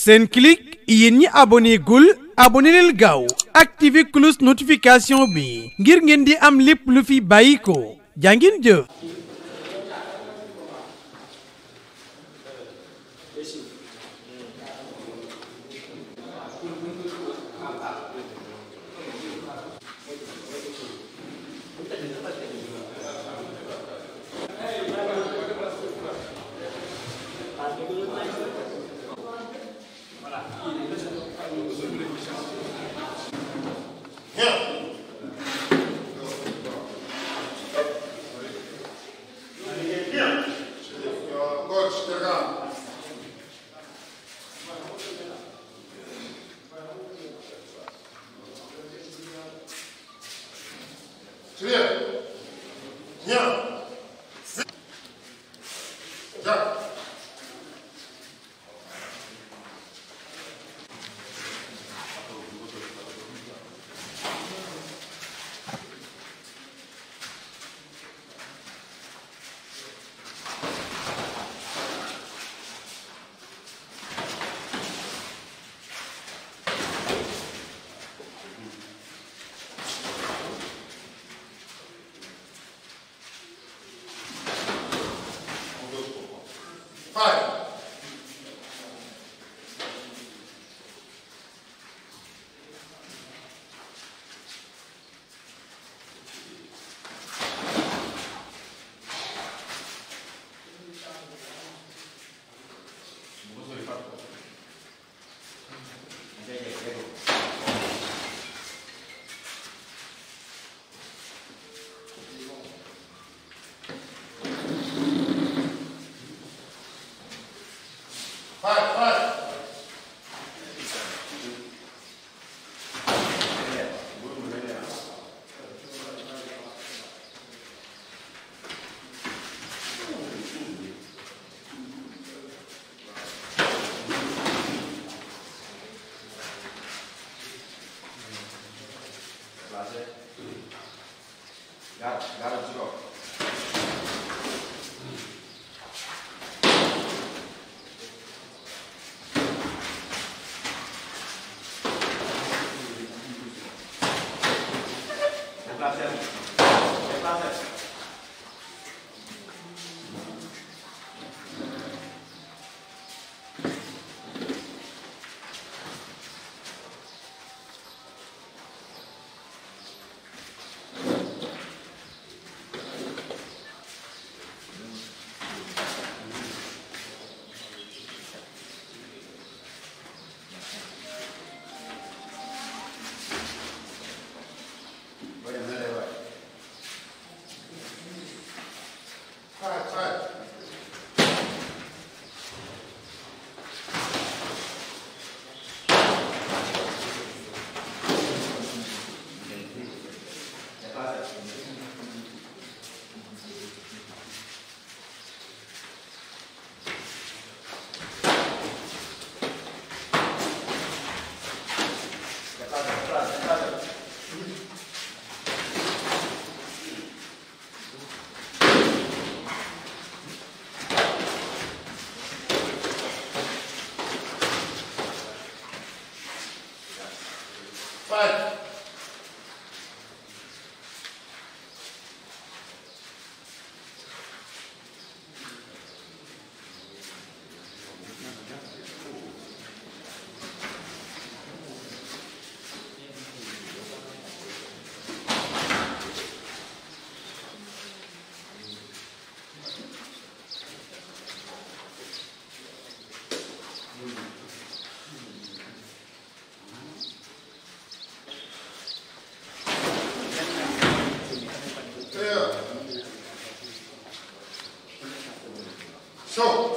Senclic yéen ñi abonné gul abonné gaaw activé cloche notification bi ngir ngeen di am lépp lu fi bàyyi ko jàngin jëf Got it. Got it. Zero. So,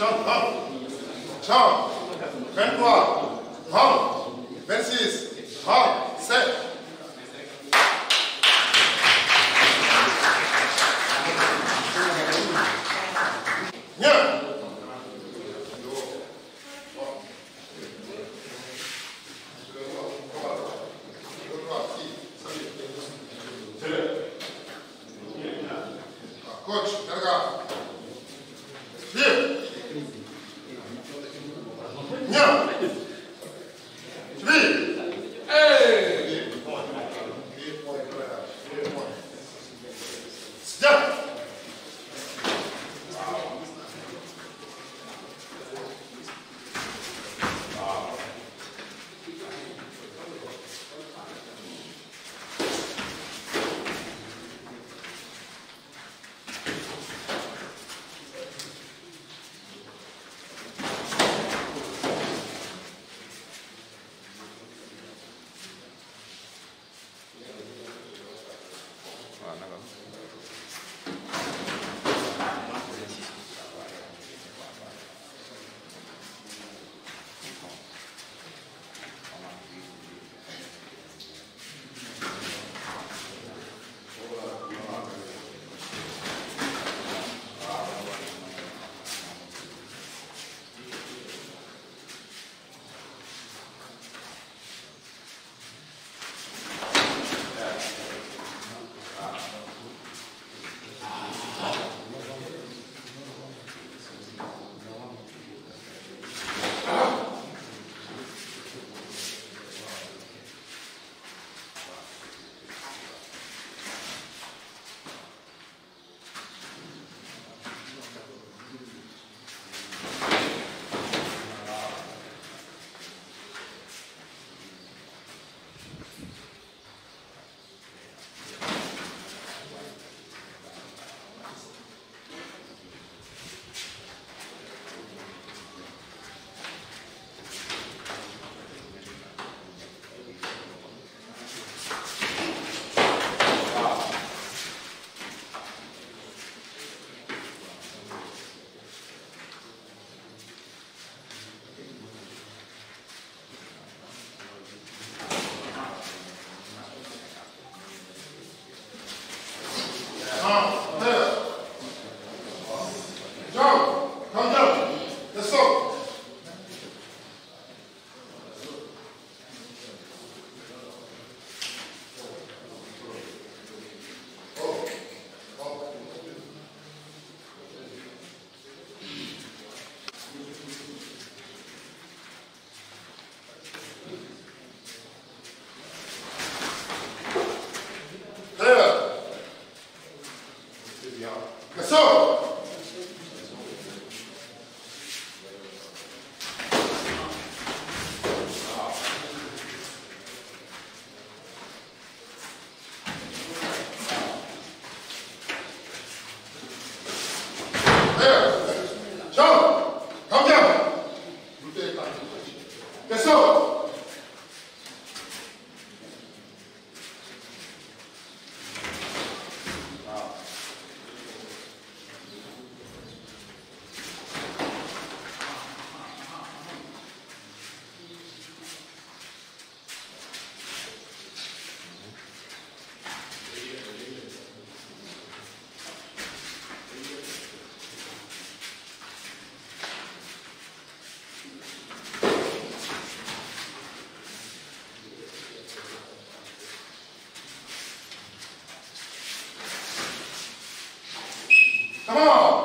Champ, Champ, 23, Ham, 26, Ham, 7. Bien. Coach, carga. Bien. ñaaw Come on.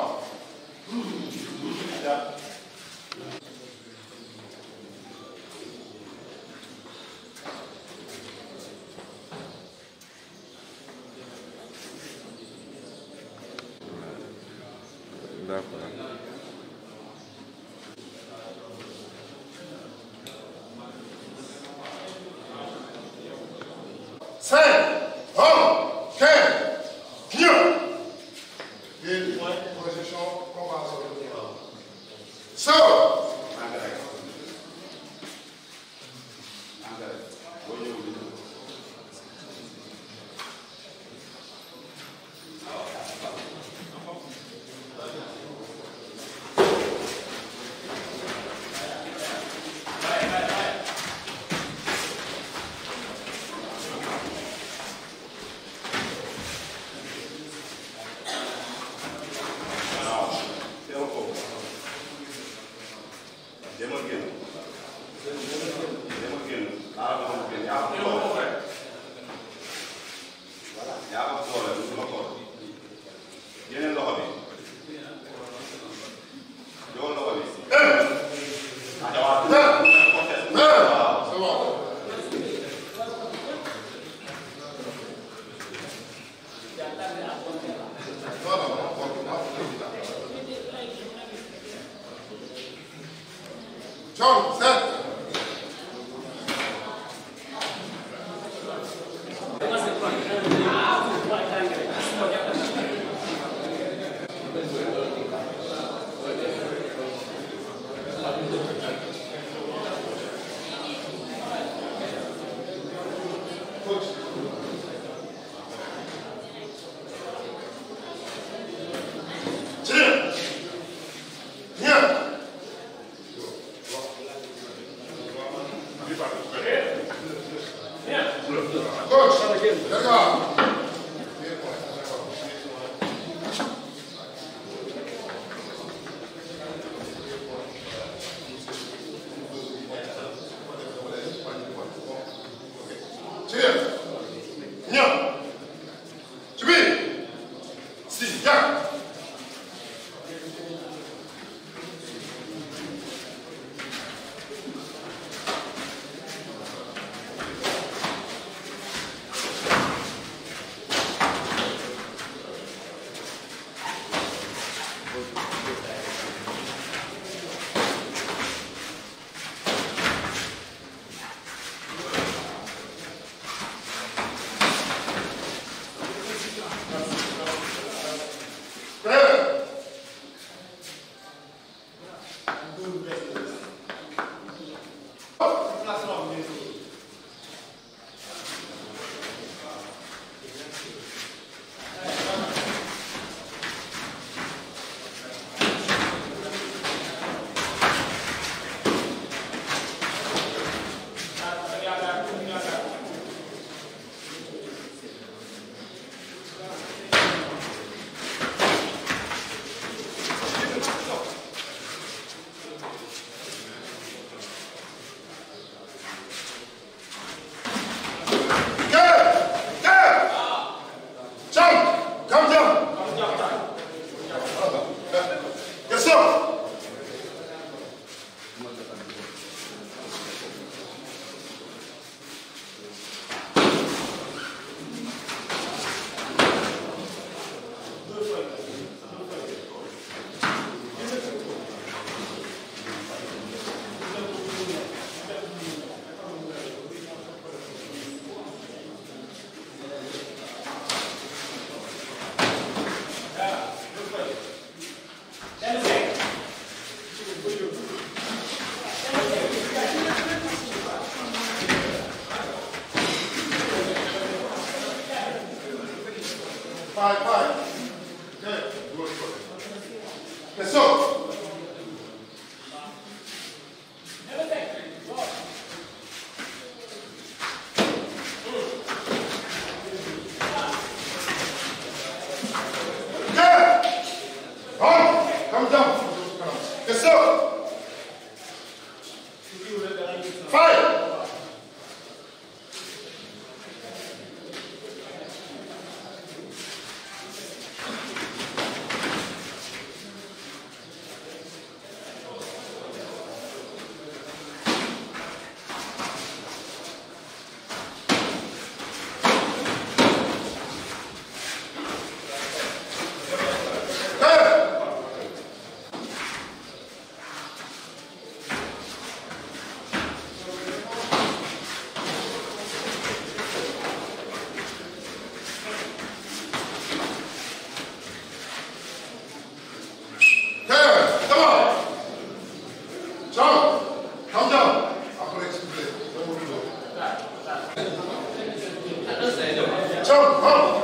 ho, ho.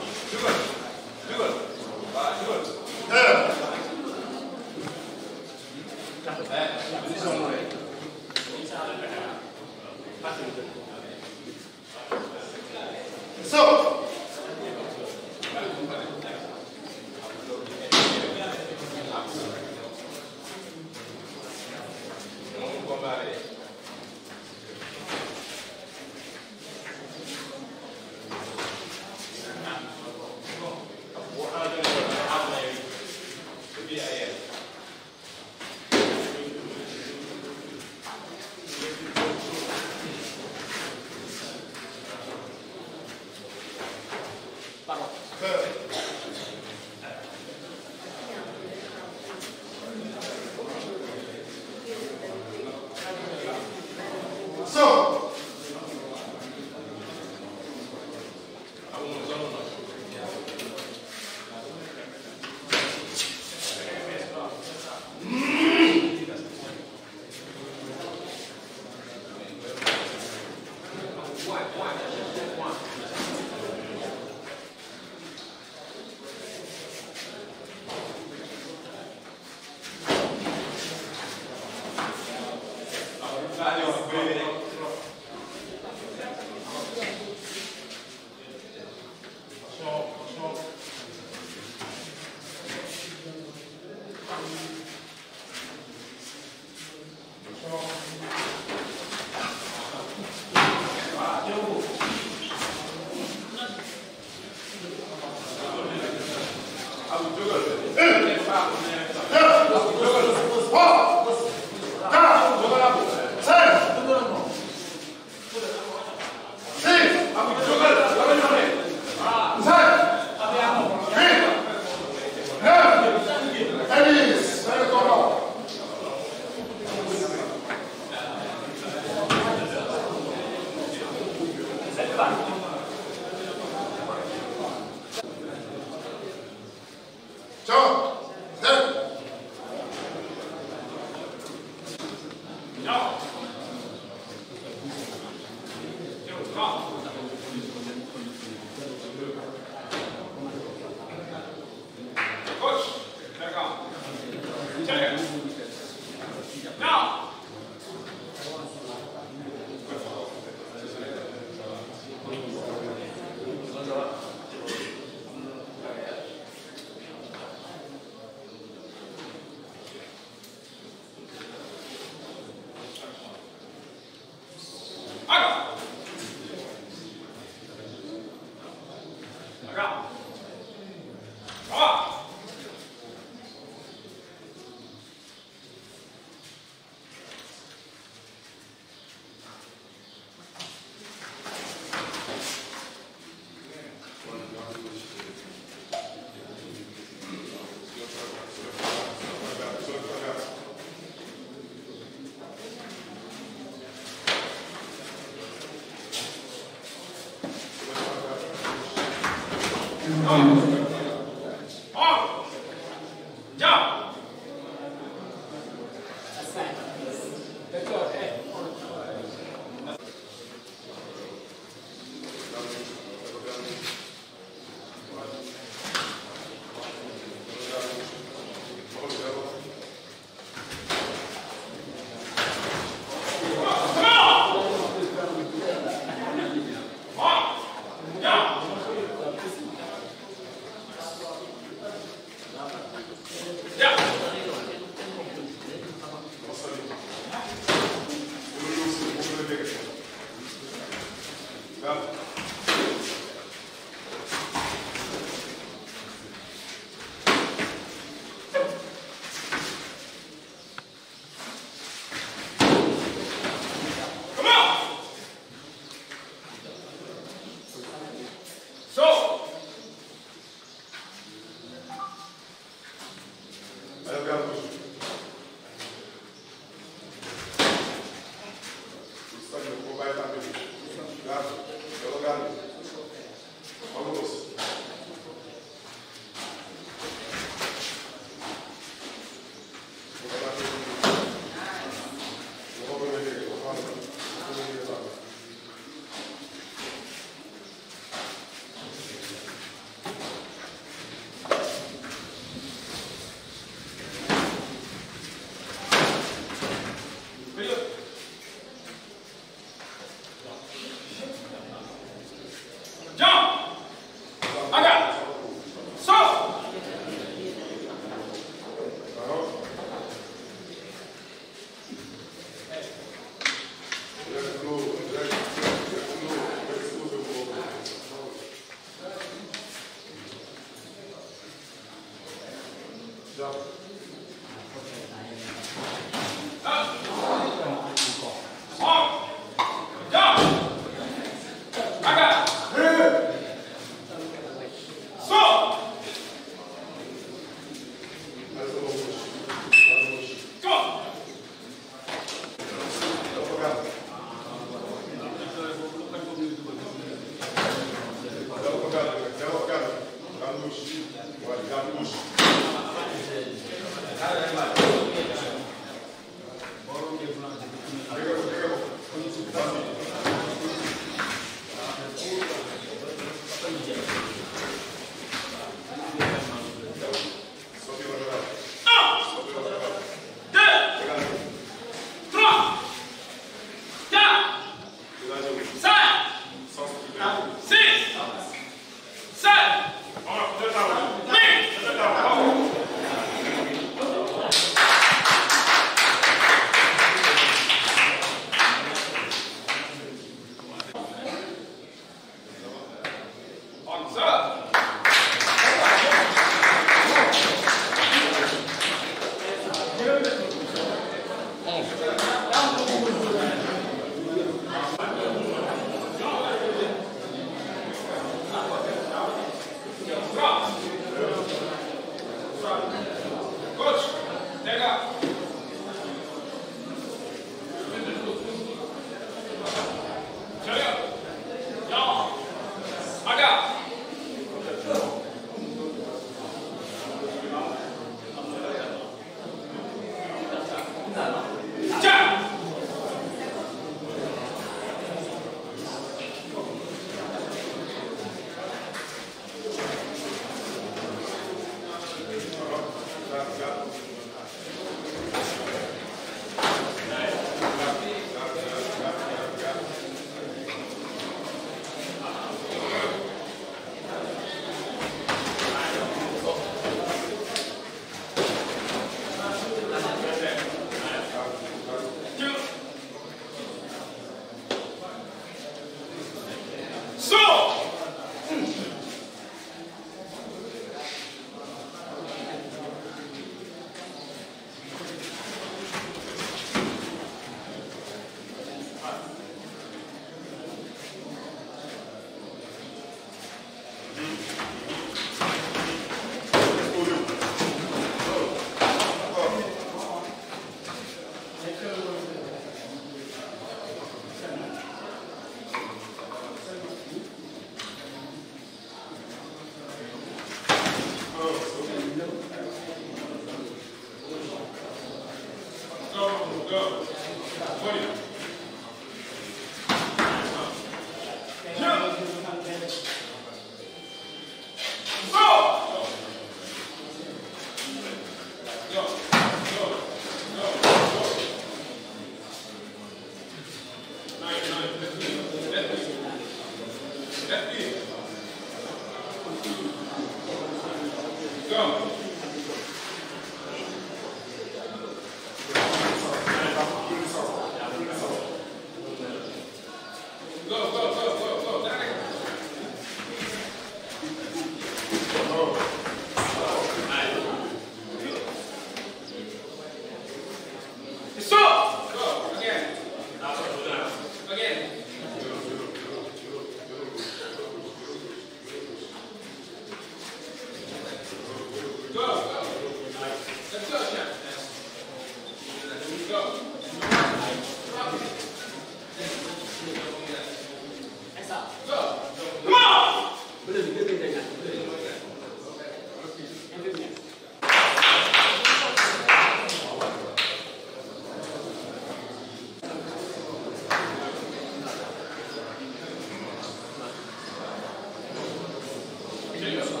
Серьезно?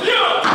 Yeah.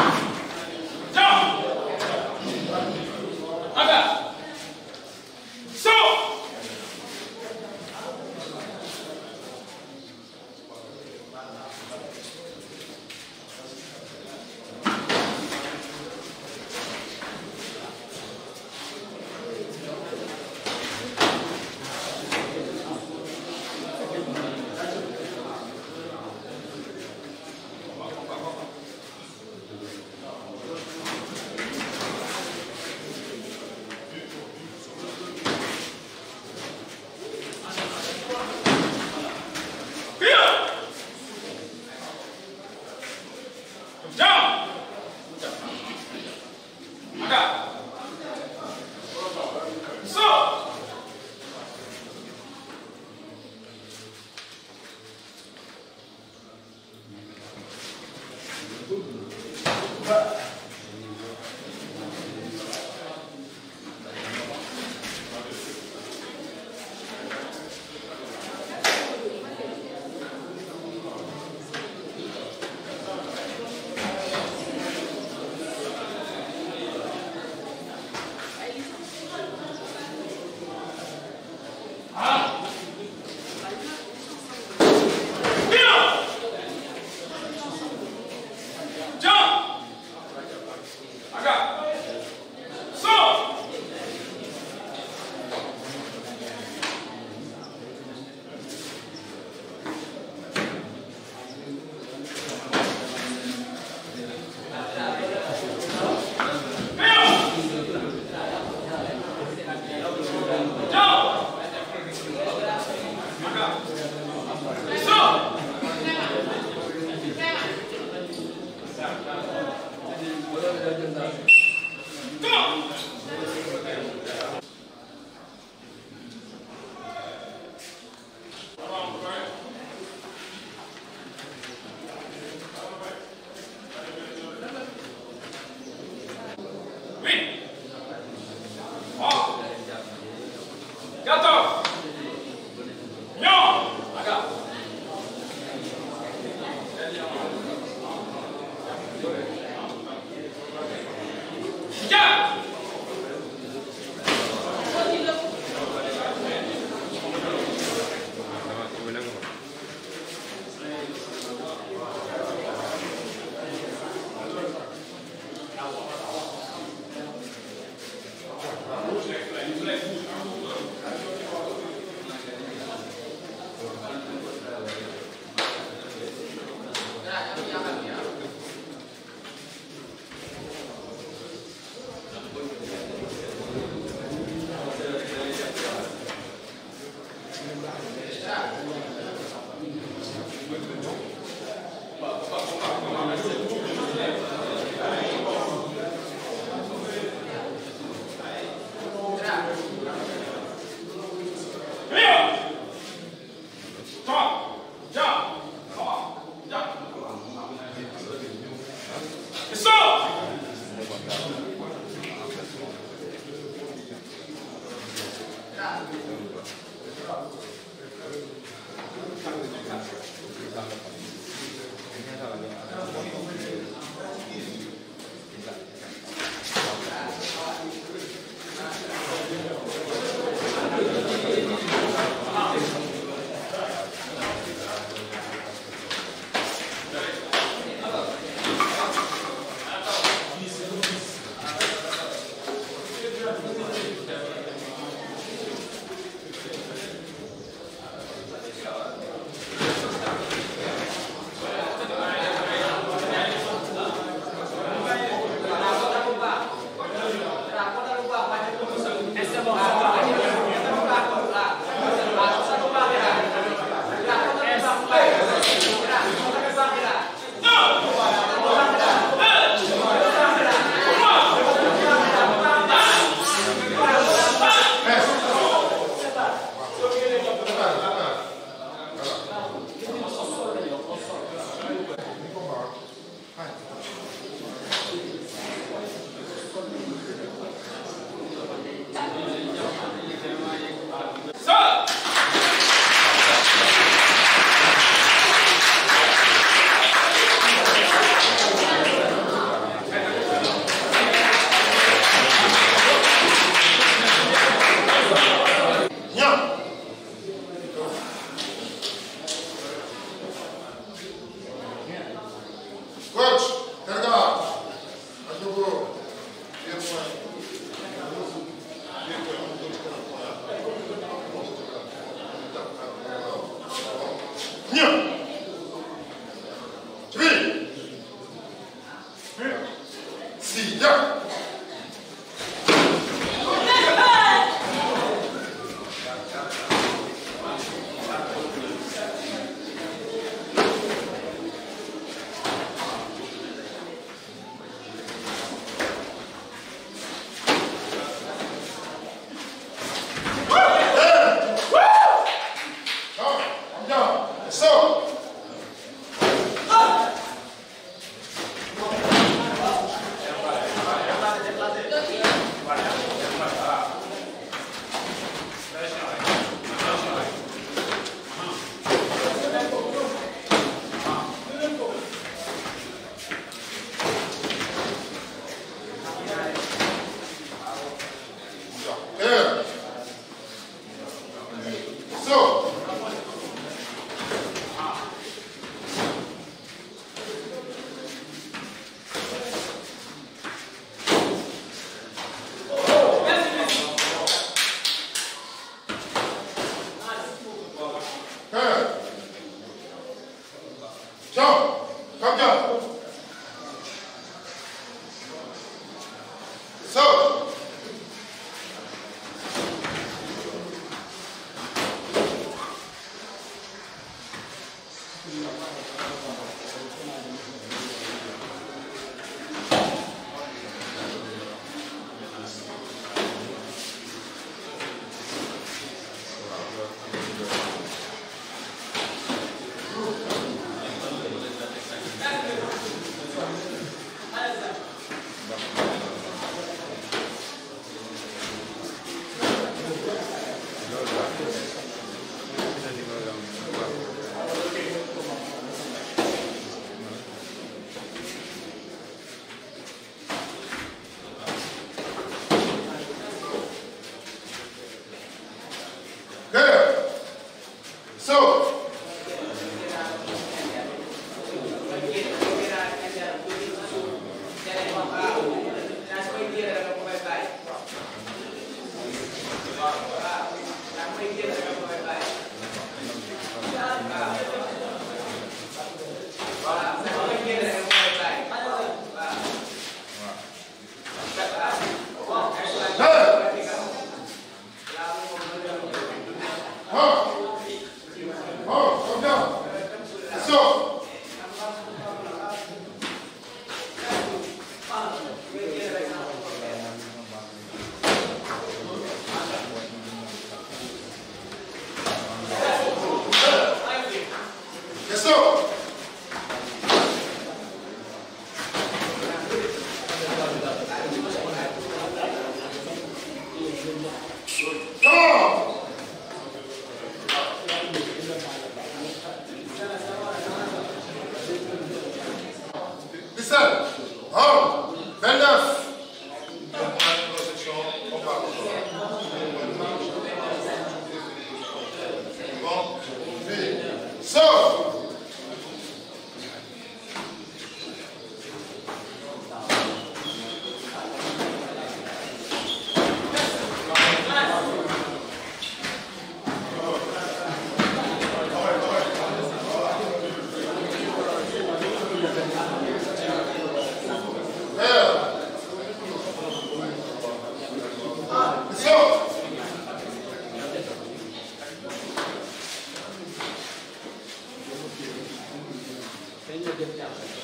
ma jëm ci àll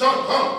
jump, jump.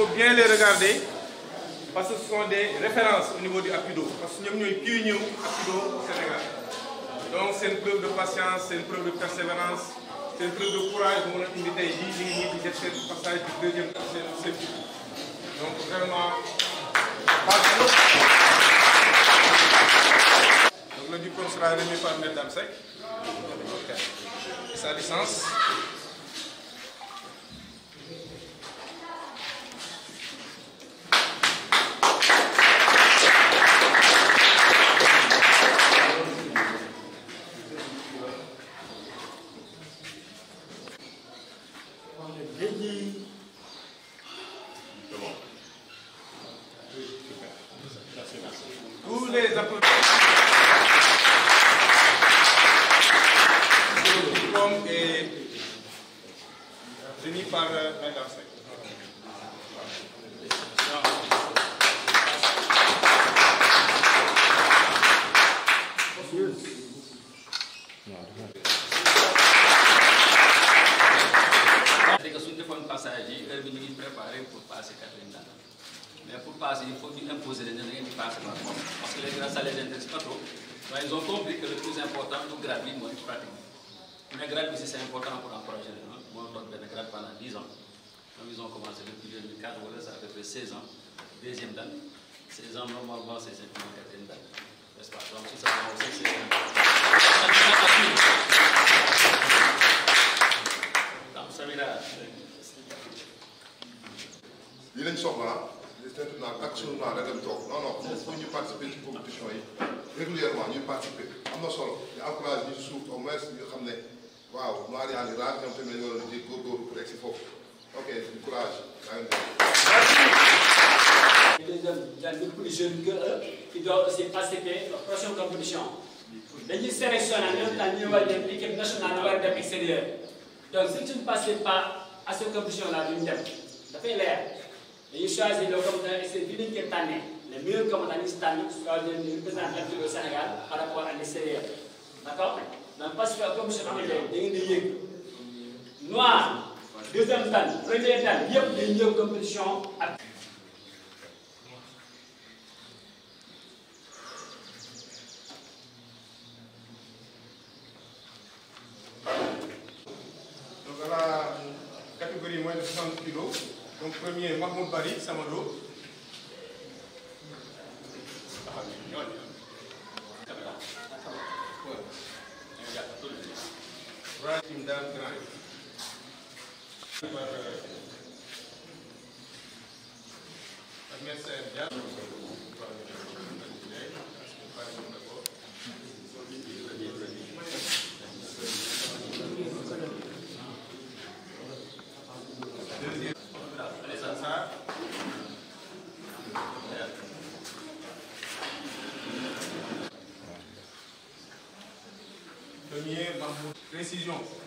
faut bien les regarder parce que ce sont des références au niveau du Rapido parce que ñoom ñooy pionniers wu Rapido au Sénégal donc seen preuve de patience seen preuve de persévérance seen preuve de courage moo leen indi tey jii ñu ngi ñii di def seen passage du deuxième ak seen seen donc vraiment bravo. donc le diplôme sera remis par Maître Dame Seck avec sa licence. le président de la République au Sénégal par rapport à l'extérieur d'accord donc parce que comme monsieur Mamadou da ngeen di yëg noir deuxième tànn première tànn yëpp dañuy ñëw compétition ak. donc la catégorie moins de 60 kilos donc premier Mahmoud Bari Samado. silence.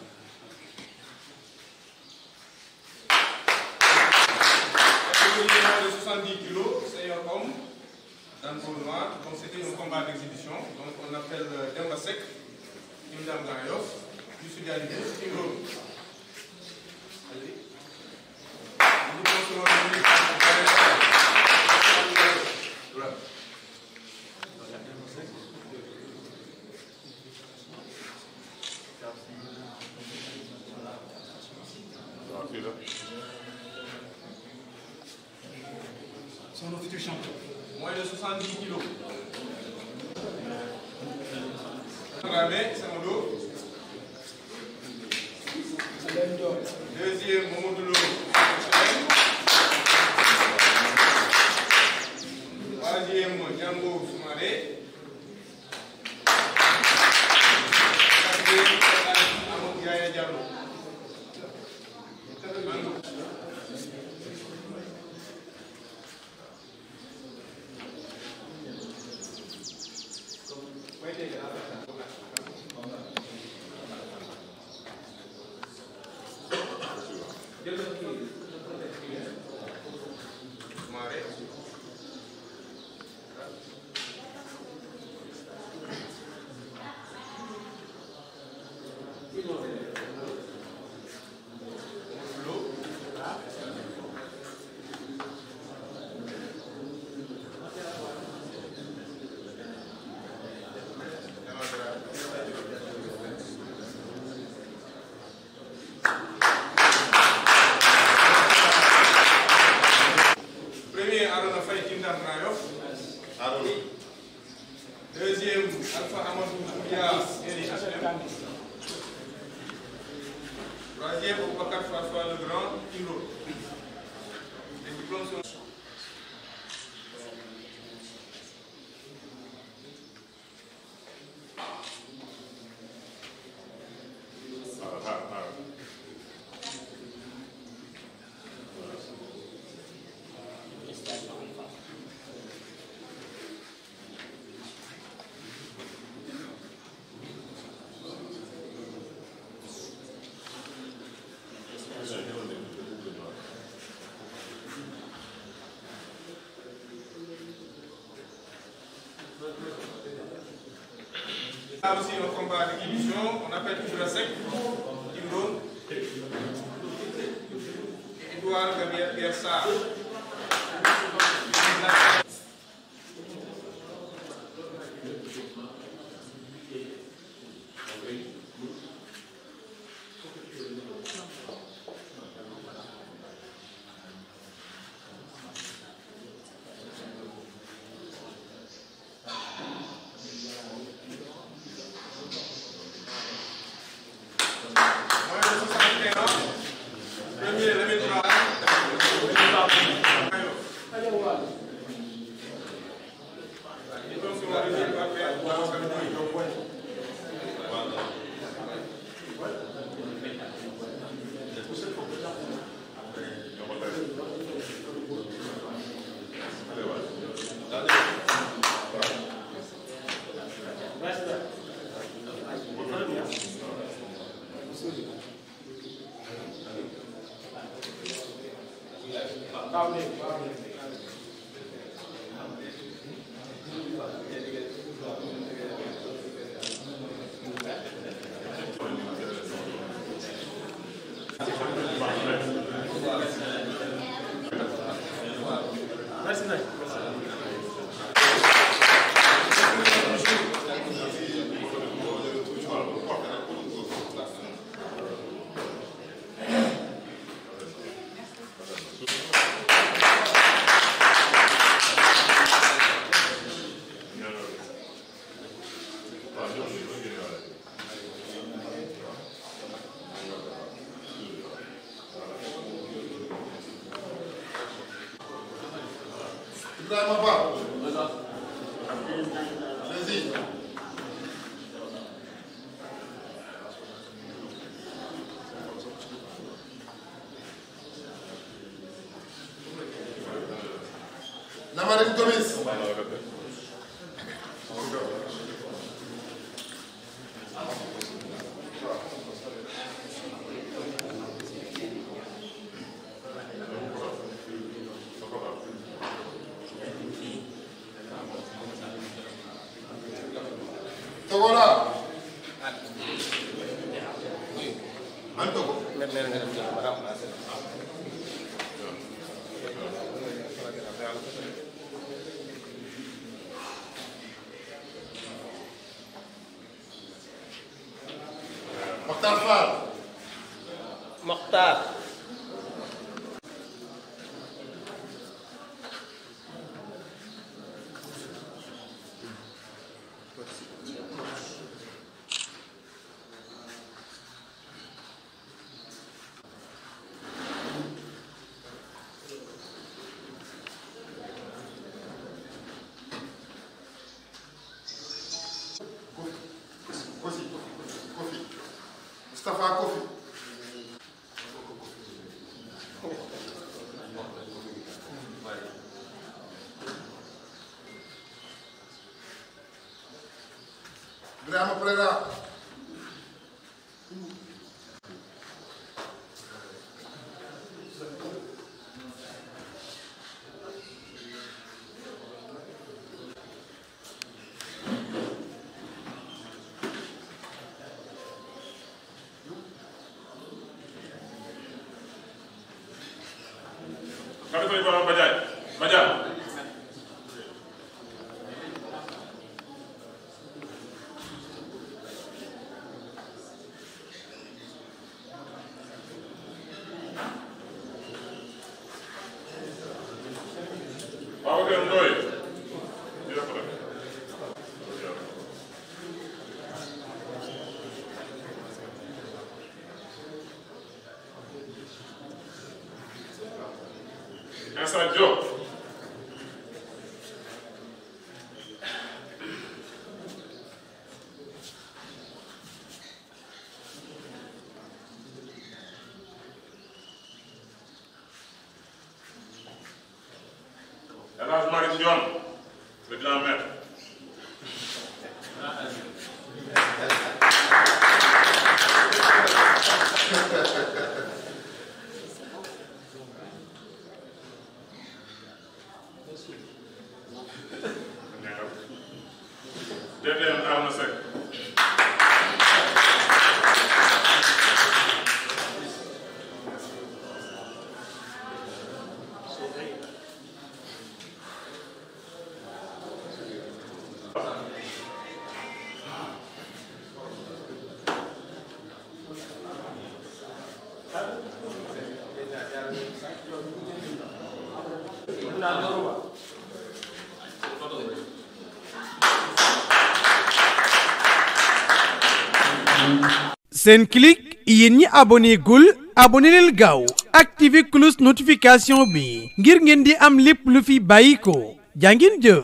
Traoré a aussi un combat d'exhibition, on appelle Jurasek, Timron, Edouard Gabriel Pierre Amém. Amém. lañ gëmee Mustafa గ్రామ ప్రజల yoon président maire seen Senclic yéen ñi abonné gul abonné gaaw activé cloche notification bi ngir ngeen di am lépp lu fi bàyyi ko jaa ngeen jëf